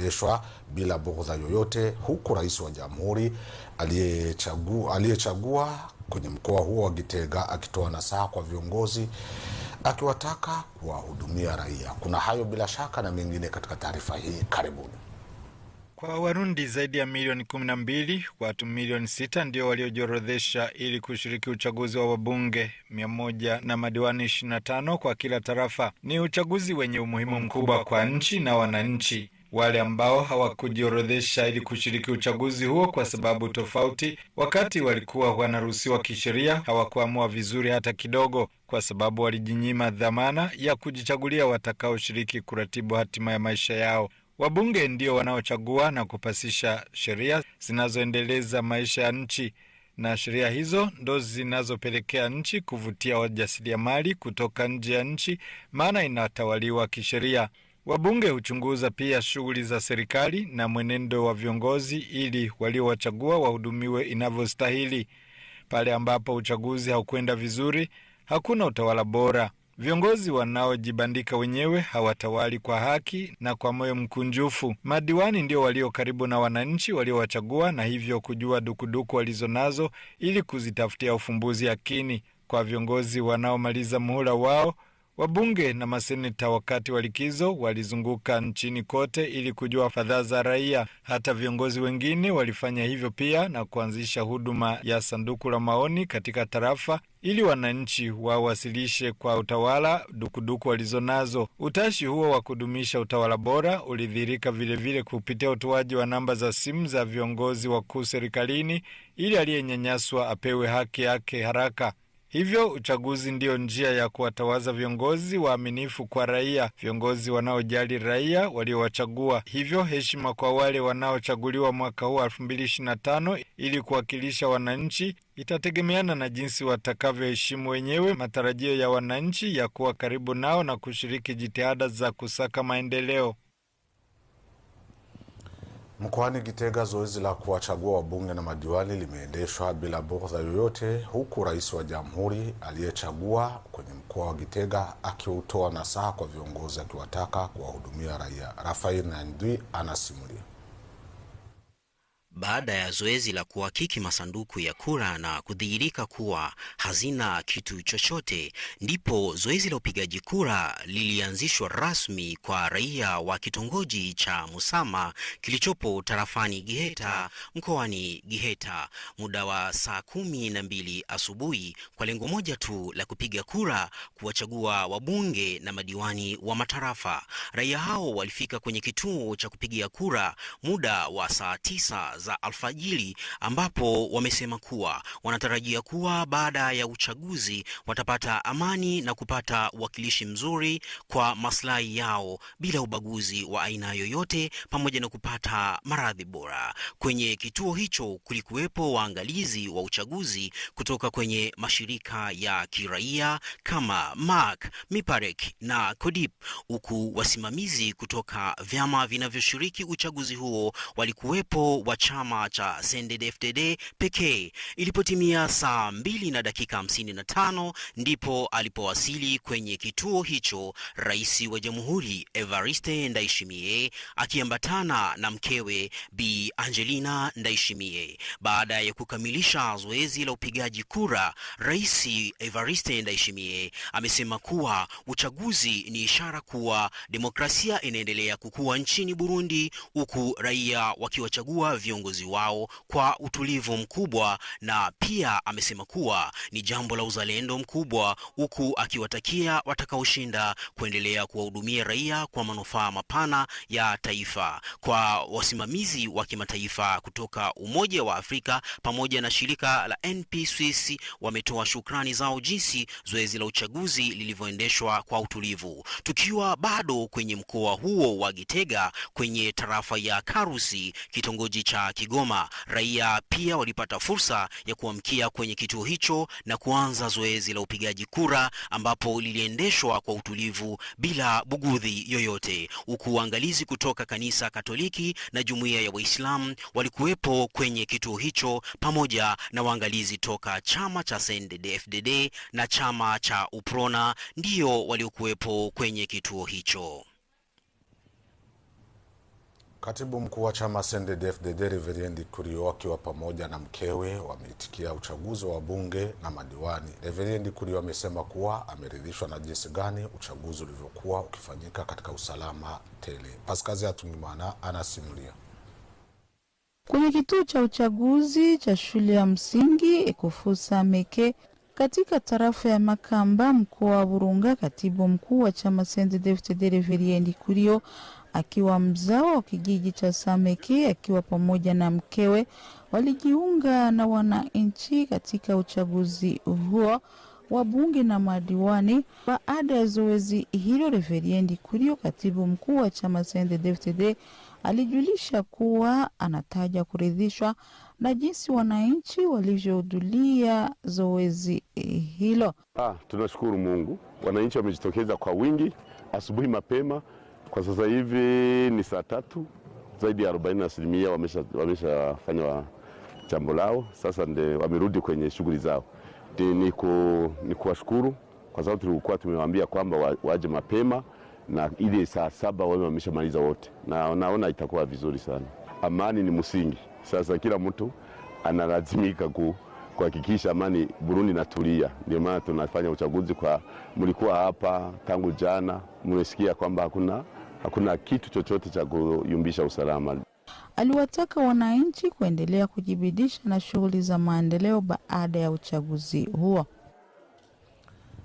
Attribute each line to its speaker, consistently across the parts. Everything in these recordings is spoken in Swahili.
Speaker 1: kuendeshwa bila bughdha yoyote, huku rais wa jamhuri aliyechagua aliyechagua kwenye mkoa huo wa Gitega akitoa nasaha kwa viongozi akiwataka kuwahudumia raia. Kuna hayo bila shaka na mengine katika taarifa hii, karibuni.
Speaker 2: Kwa Warundi zaidi ya milioni 12, watu milioni 6 ndio waliojiorodhesha ili kushiriki uchaguzi wa wabunge moja na madiwani 25 kwa kila tarafa. Ni uchaguzi wenye umuhimu mkubwa kwa nchi na wananchi wale ambao hawakujiorodhesha ili kushiriki uchaguzi huo kwa sababu tofauti, wakati walikuwa wanaruhusiwa kisheria, hawakuamua vizuri hata kidogo, kwa sababu walijinyima dhamana ya kujichagulia watakaoshiriki kuratibu hatima ya maisha yao. Wabunge ndio wanaochagua na kupasisha sheria zinazoendeleza maisha ya nchi, na sheria hizo ndo zinazopelekea nchi kuvutia wajasiriamali kutoka nje ya nchi, maana inatawaliwa kisheria. Wabunge huchunguza pia shughuli za serikali na mwenendo wa viongozi ili waliowachagua wahudumiwe inavyostahili. Pale ambapo uchaguzi haukwenda vizuri, hakuna utawala bora. Viongozi wanaojibandika wenyewe hawatawali kwa haki na kwa moyo mkunjufu. Madiwani ndio walio karibu na wananchi waliowachagua, na hivyo kujua dukuduku walizo nazo ili kuzitafutia ufumbuzi yakini. Kwa viongozi wanaomaliza muhula wao Wabunge na maseneta wakati wa likizo walizunguka nchini kote ili kujua fadhaa za raia. Hata viongozi wengine walifanya hivyo pia na kuanzisha huduma ya sanduku la maoni katika tarafa ili wananchi wawasilishe kwa utawala dukuduku walizonazo. Utashi huo wa kudumisha utawala bora ulidhihirika vilevile kupitia utoaji wa namba za simu za viongozi wakuu serikalini ili aliyenyanyaswa apewe haki yake haraka. Hivyo uchaguzi ndiyo njia ya kuwatawaza viongozi waaminifu kwa raia, viongozi wanaojali raia waliowachagua. Hivyo heshima kwa wale wanaochaguliwa mwaka huu tano ili kuwakilisha wananchi itategemeana na jinsi watakavyoheshimu wenyewe matarajio ya wananchi ya kuwa karibu nao na kushiriki jitihada za kusaka maendeleo.
Speaker 1: Mkoani gitega zoezi la kuwachagua wabunge na madiwani limeendeshwa bila bughudha yoyote, huku rais wa jamhuri aliyechagua kwenye mkoa wa gitega akiutoa nasaha kwa viongozi akiwataka kuwahudumia raia. Rafael Nandwi anasimulia
Speaker 3: baada ya zoezi la kuhakiki masanduku ya kura na kudhihirika kuwa hazina kitu chochote, ndipo zoezi la upigaji kura lilianzishwa rasmi kwa raia wa kitongoji cha Musama kilichopo tarafani Giheta mkoani Giheta muda wa saa kumi na mbili asubuhi kwa lengo moja tu la kupiga kura kuwachagua wabunge na madiwani wa matarafa. Raia hao walifika kwenye kituo cha kupigia kura muda wa saa tisa za alfajiri ambapo wamesema kuwa wanatarajia kuwa baada ya uchaguzi watapata amani na kupata uwakilishi mzuri kwa maslahi yao bila ubaguzi wa aina yoyote pamoja na kupata maradhi bora. Kwenye kituo hicho kulikuwepo waangalizi wa uchaguzi kutoka kwenye mashirika ya kiraia kama mark Miparek na Kodip, huku wasimamizi kutoka vyama vinavyoshiriki uchaguzi huo walikuwepo wacha chama cha CNDD-FDD pekee. Ilipotimia saa mbili na dakika hamsini na tano ndipo alipowasili kwenye kituo hicho Rais wa Jamhuri Evariste Ndayishimiye akiambatana na mkewe Bi Angelina Ndayishimiye. Baada ya kukamilisha zoezi la upigaji kura, Rais Evariste Ndayishimiye amesema kuwa uchaguzi ni ishara kuwa demokrasia inaendelea kukua nchini Burundi huku raia wakiwachagua viongozi viongozi wao kwa utulivu mkubwa, na pia amesema kuwa ni jambo la uzalendo mkubwa, huku akiwatakia watakaoshinda kuendelea kuwahudumia raia kwa manufaa mapana ya taifa. Kwa wasimamizi wa kimataifa kutoka Umoja wa Afrika pamoja na shirika la NP Swiss wametoa shukrani zao jinsi zoezi la uchaguzi lilivyoendeshwa kwa utulivu. Tukiwa bado kwenye mkoa huo wa Gitega kwenye tarafa ya Karusi kitongoji cha Kigoma. Raia pia walipata fursa ya kuamkia kwenye kituo hicho na kuanza zoezi la upigaji kura ambapo liliendeshwa kwa utulivu bila bugudhi yoyote, huku waangalizi kutoka kanisa Katoliki na jumuiya ya Waislamu walikuwepo kwenye kituo hicho pamoja na waangalizi toka chama cha CNDD-FDD na chama cha UPRONA ndio waliokuwepo kwenye kituo hicho.
Speaker 1: Katibu mkuu wa chama CNDD-FDD Reveriendi Kurio akiwa pamoja na mkewe wameitikia uchaguzi wa bunge na madiwani. Reveriendi Kurio amesema kuwa ameridhishwa na jinsi gani uchaguzi ulivyokuwa ukifanyika katika usalama tele. Paskazi Atungimana anasimulia.
Speaker 4: Kwenye kituo cha uchaguzi cha shule ya msingi ekofusa Meke katika tarafa ya Makamba, mkoa wa Burunga, katibu mkuu wa chama CNDD-FDD Reveriendi Kurio akiwa mzao wa kijiji cha Sameki akiwa pamoja na mkewe walijiunga na wananchi katika uchaguzi huo wa bunge na madiwani. Baada ya zoezi hilo, referendi Kurio, katibu mkuu wa chama cha CNDD-FDD, alijulisha kuwa anataja kuridhishwa na jinsi wananchi walivyohudhuria zoezi hilo.
Speaker 5: Ah, tunashukuru Mungu, wananchi wamejitokeza kwa wingi asubuhi mapema kwa sasa hivi ni saa tatu, zaidi ya 40 asilimia wameshafanya jambo lao, sasa ndio wamerudi kwenye shughuli zao. Ni, ni kuwashukuru kwa sababu tulikuwa tumewaambia kwamba waje mapema na ile saa saba wao wameshamaliza wote, na naona itakuwa vizuri sana. Amani ni msingi. Sasa kila mtu analazimika ku kuhakikisha amani Burundi natulia. Ndio maana tunafanya uchaguzi kwa, mlikuwa hapa tangu jana, mmesikia kwamba hakuna hakuna kitu chochote cha kuyumbisha usalama.
Speaker 4: Aliwataka wananchi kuendelea kujibidisha na shughuli za maendeleo baada ya uchaguzi huo.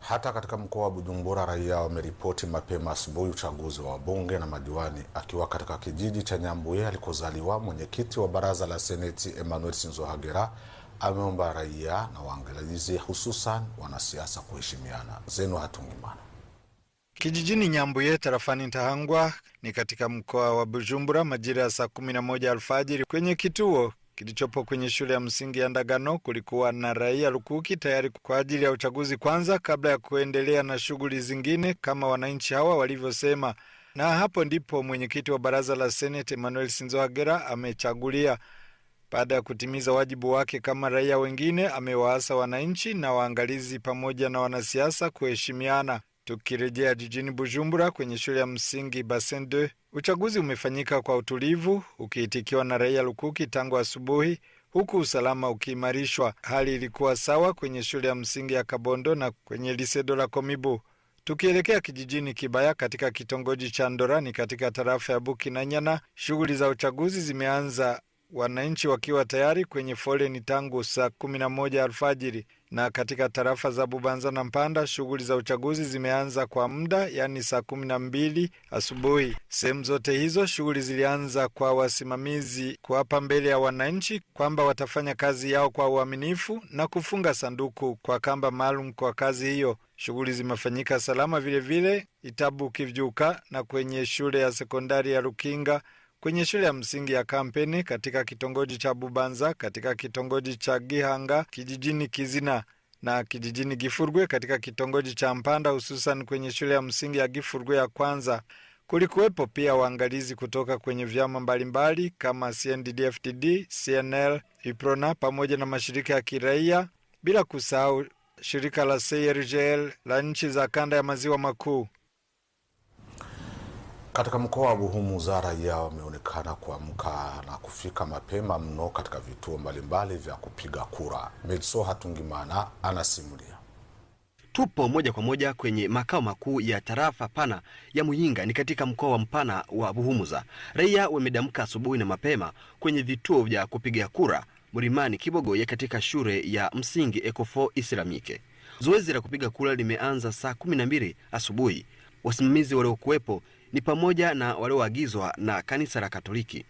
Speaker 1: Hata katika mkoa wa Bujumbura, raia wameripoti mapema asubuhi uchaguzi wa wabunge na madiwani. Akiwa katika kijiji cha Nyambuye alikozaliwa, mwenyekiti wa baraza la seneti Emmanuel Sinzohagera ameomba raia na waangalizi, hususan wanasiasa, kuheshimiana. Zeno Hatungimana.
Speaker 2: Kijijini Nyambuye tarafani Ntahangwa ni katika mkoa wa Bujumbura majira ya saa kumi na moja alfajiri kwenye kituo kilichopo kwenye shule ya msingi ya Ndagano kulikuwa na raia lukuki tayari kwa ajili ya uchaguzi kwanza kabla ya kuendelea na shughuli zingine kama wananchi hawa walivyosema. Na hapo ndipo mwenyekiti wa baraza la senete Emmanuel Sinzoagera amechagulia. Baada ya kutimiza wajibu wake kama raia wengine, amewaasa wananchi na waangalizi pamoja na wanasiasa kuheshimiana. Tukirejea jijini Bujumbura kwenye shule ya msingi Basende, uchaguzi umefanyika kwa utulivu ukiitikiwa na raia lukuki tangu asubuhi, huku usalama ukiimarishwa. Hali ilikuwa sawa kwenye shule ya msingi ya Kabondo na kwenye lisedo la Komibu. Tukielekea kijijini Kibaya katika kitongoji cha Ndorani katika tarafa ya Bukinanyana, shughuli za uchaguzi zimeanza wananchi wakiwa tayari kwenye foleni tangu saa 11 alfajiri. Na katika tarafa za Bubanza na Mpanda, shughuli za uchaguzi zimeanza kwa muda, yaani saa 12 asubuhi. Sehemu zote hizo shughuli zilianza kwa wasimamizi kuwapa mbele ya wananchi kwamba watafanya kazi yao kwa uaminifu na kufunga sanduku kwa kamba maalum kwa kazi hiyo. Shughuli zimefanyika salama vilevile Itabu Kivyuka na kwenye shule ya sekondari ya Rukinga kwenye shule ya msingi ya Kampeni katika kitongoji cha Bubanza katika kitongoji cha Gihanga kijijini Kizina na kijijini Gifurgwe katika kitongoji cha Mpanda hususan kwenye shule ya msingi ya Gifurgwe ya kwanza. Kulikuwepo pia waangalizi kutoka kwenye vyama mbalimbali kama CNDD-FDD, CNL, Iprona pamoja na mashirika ya kiraia bila kusahau shirika la CIRGL la nchi za kanda ya maziwa makuu.
Speaker 1: Katika mkoa wa Vuhumuza raia wameonekana kuamka na kufika mapema mno katika vituo mbalimbali vya kupiga kura. Medso Hatungimana anasimulia.
Speaker 6: Tupo moja kwa moja kwenye makao makuu ya tarafa pana ya Muyinga ni katika mkoa wa mpana wa buhumuza Raia wamedamka asubuhi na mapema kwenye vituo vya kupiga kura Murimani Kibogoye katika shule ya msingi Ekofo Islamike. Zoezi la kupiga kura limeanza saa 12 asubuhi Wasimamizi waliokuwepo ni pamoja na walioagizwa na kanisa la Katoliki,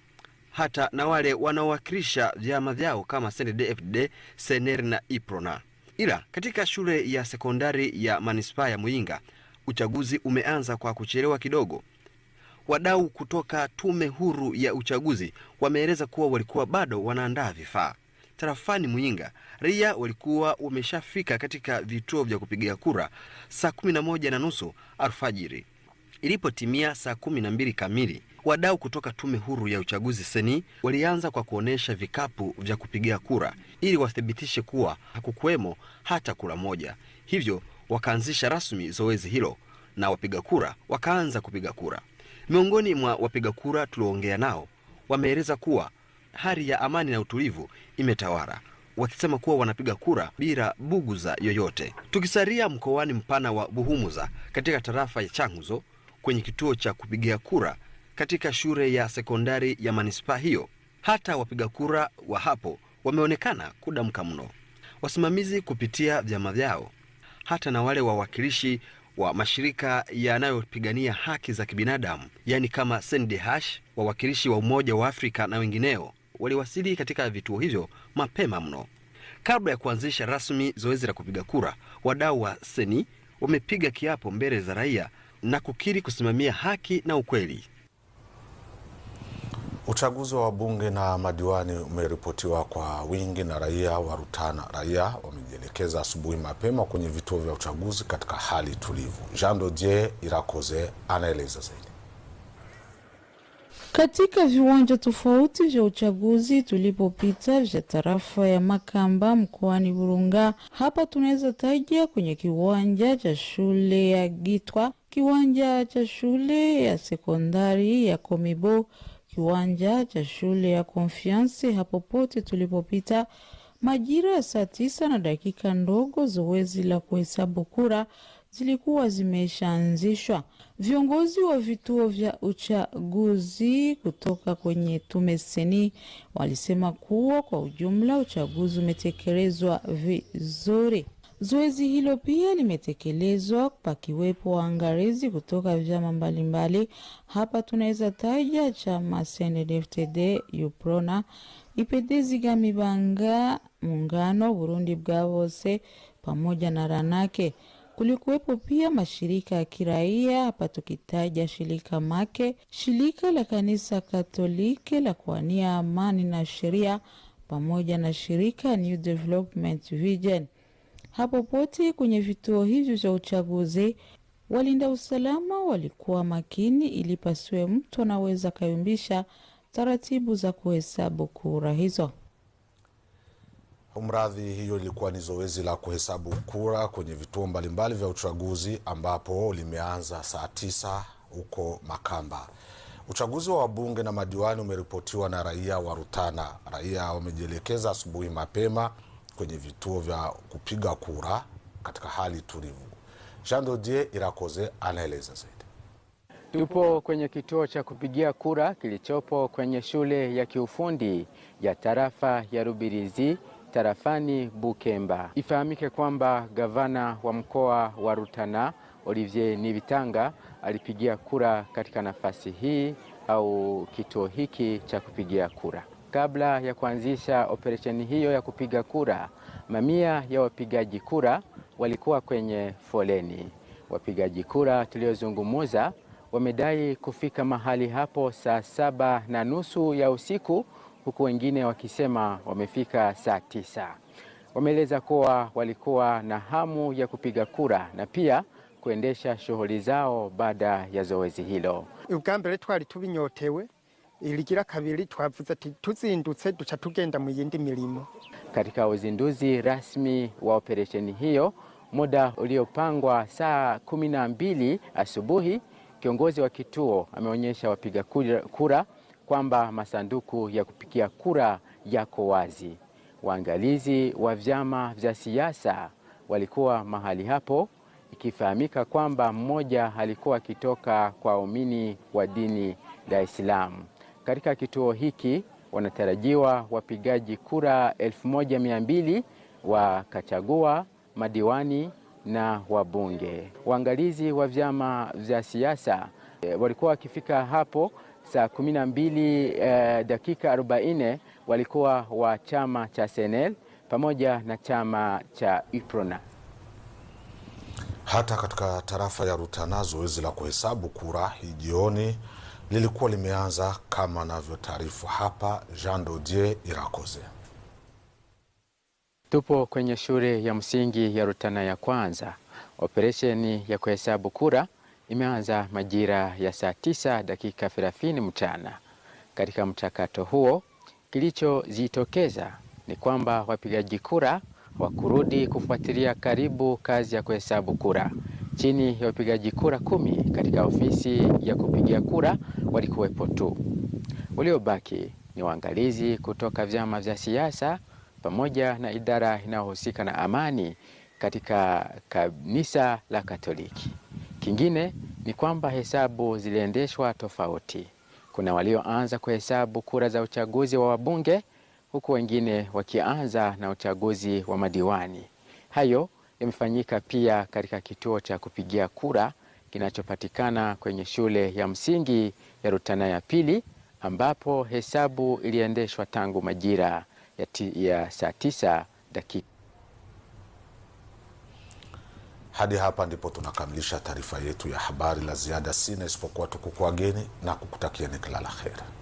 Speaker 6: hata na wale wanaowakilisha vyama vyao kama CNDD-FDD, CNL na IPRONA. Ila katika shule ya sekondari ya manispaa ya Muyinga uchaguzi umeanza kwa kuchelewa kidogo. Wadau kutoka Tume Huru ya Uchaguzi wameeleza kuwa walikuwa bado wanaandaa vifaa tarafani Muyinga, raia walikuwa wameshafika katika vituo vya kupigia kura saa kumi na moja na nusu alfajiri. Ilipotimia saa kumi na mbili kamili, wadau kutoka Tume Huru ya Uchaguzi seni walianza kwa kuonyesha vikapu vya kupigia kura ili wathibitishe kuwa hakukuwemo hata kura moja, hivyo wakaanzisha rasmi zoezi hilo na wapiga kura wakaanza kupiga kura. Miongoni mwa wapiga kura tulioongea nao wameeleza kuwa hali ya amani na utulivu imetawala, wakisema kuwa wanapiga kura bila buguza yoyote. Tukisalia mkoani mpana wa Buhumuza katika tarafa ya Changuzo, kwenye kituo cha kupigia kura katika shule ya sekondari ya manispaa hiyo, hata wapiga kura wa hapo wameonekana kudamka mno. Wasimamizi kupitia vyama vyao, hata na wale wawakilishi wa mashirika yanayopigania haki za kibinadamu, yaani kama SENDH, wawakilishi wa Umoja wa Afrika na wengineo waliwasili katika vituo hivyo mapema mno. Kabla ya kuanzisha rasmi zoezi la kupiga kura, wadau wa seni wamepiga kiapo mbele za raia na kukiri kusimamia haki na ukweli.
Speaker 1: Uchaguzi wa wabunge na madiwani umeripotiwa kwa wingi na raia wa rutana Raia wamejielekeza asubuhi mapema kwenye vituo vya uchaguzi katika hali tulivu. Jean Dodier Irakoze anaeleza zaidi.
Speaker 4: Katika viwanja tofauti vya uchaguzi tulipopita vya tarafa ya Makamba mkoani Burunga, hapa tunaweza taja kwenye kiwanja cha shule ya Gitwa, kiwanja cha shule ya sekondari ya Komibo, kiwanja cha shule ya Konfiansi. Hapo pote tulipopita majira ya saa tisa na dakika ndogo, zoezi la kuhesabu kura zilikuwa zimeshaanzishwa. Viongozi wa vituo vya uchaguzi kutoka kwenye tume seni walisema kuwa kwa ujumla uchaguzi umetekelezwa vizuri. Zoezi hilo pia limetekelezwa pakiwepo waangalizi kutoka vyama mbalimbali. Hapa tunaweza taja chama CNDD-FDD, UPRONA, ipedezi gamibanga, Muungano Burundi bwa Bose pamoja na Ranake. Kulikuwepo pia mashirika ya kiraia hapa, tukitaja shirika Make, shirika la kanisa Katoliki la kuwania amani na sheria, pamoja na shirika New Development Vision. Hapo pote kwenye vituo hivyo vya uchaguzi, walinda usalama walikuwa makini ili pasiwe mtu anaweza kayumbisha taratibu za kuhesabu kura hizo
Speaker 1: mradhi hiyo ilikuwa ni zoezi la kuhesabu kura kwenye vituo mbalimbali vya uchaguzi ambapo limeanza saa tisa huko Makamba. Uchaguzi wa wabunge na madiwani umeripotiwa na raia wa Rutana. Raia wamejielekeza asubuhi mapema kwenye vituo vya kupiga kura katika hali tulivu. Jean Dodie Irakoze anaeleza zaidi.
Speaker 7: Tupo kwenye kituo cha kupigia kura kilichopo kwenye shule ya kiufundi ya tarafa ya Rubirizi tarafani Bukemba. Ifahamike kwamba gavana wa mkoa wa Rutana Olivier Nibitanga alipigia kura katika nafasi hii au kituo hiki cha kupigia kura. Kabla ya kuanzisha operesheni hiyo ya kupiga kura, mamia ya wapigaji kura walikuwa kwenye foleni. Wapigaji kura tuliozungumuza wamedai kufika mahali hapo saa saba na nusu ya usiku huku wengine wakisema wamefika saa tisa. Wameeleza kuwa walikuwa na hamu ya kupiga kura na pia kuendesha shughuli zao baada ya zoezi hilo.
Speaker 8: ubwa mbere twari tubinyotewe iligira kabiri twavuze ati tuzindutse duca tugenda mu yindi milimo.
Speaker 7: Katika uzinduzi rasmi wa operesheni hiyo muda uliopangwa saa kumi na mbili asubuhi, kiongozi wa kituo ameonyesha wapiga kura kwamba masanduku ya kupigia kura yako wazi. Waangalizi wa vyama vya siasa walikuwa mahali hapo, ikifahamika kwamba mmoja alikuwa akitoka kwa waumini wa dini la Islamu. Katika kituo hiki wanatarajiwa wapigaji kura 1200 wakachagua madiwani na wabunge. Waangalizi wa vyama vya siasa eh, walikuwa wakifika hapo saa 12 uh, eh, dakika 40 walikuwa wa chama cha CNL pamoja na chama cha UPRONA.
Speaker 1: Hata katika tarafa ya Rutana zoezi la kuhesabu kura hii jioni lilikuwa limeanza kama anavyotaarifu hapa Jean Dodier Irakoze.
Speaker 7: Tupo kwenye shule ya msingi ya Rutana ya kwanza. Operesheni ya kuhesabu kura imeanza majira ya saa tisa dakika thelathini mchana. Katika mchakato huo, kilichojitokeza ni kwamba wapigaji kura wakurudi kufuatilia karibu kazi ya kuhesabu kura. Chini ya wapigaji kura kumi katika ofisi ya kupigia kura walikuwepo tu. Waliobaki ni waangalizi kutoka vyama vya siasa pamoja na idara inayohusika na amani katika kanisa la Katoliki. Kingine ni kwamba hesabu ziliendeshwa tofauti. Kuna walioanza kuhesabu kura za uchaguzi wa wabunge huku wengine wakianza na uchaguzi wa madiwani. Hayo yamefanyika pia katika kituo cha kupigia kura kinachopatikana kwenye shule ya msingi ya Rutana ya pili ambapo hesabu iliendeshwa tangu majira ya, ya saa tisa dakika
Speaker 1: Hadi hapa ndipo tunakamilisha taarifa yetu ya habari. La ziada sina isipokuwa tukukuageni na ni kila la heri.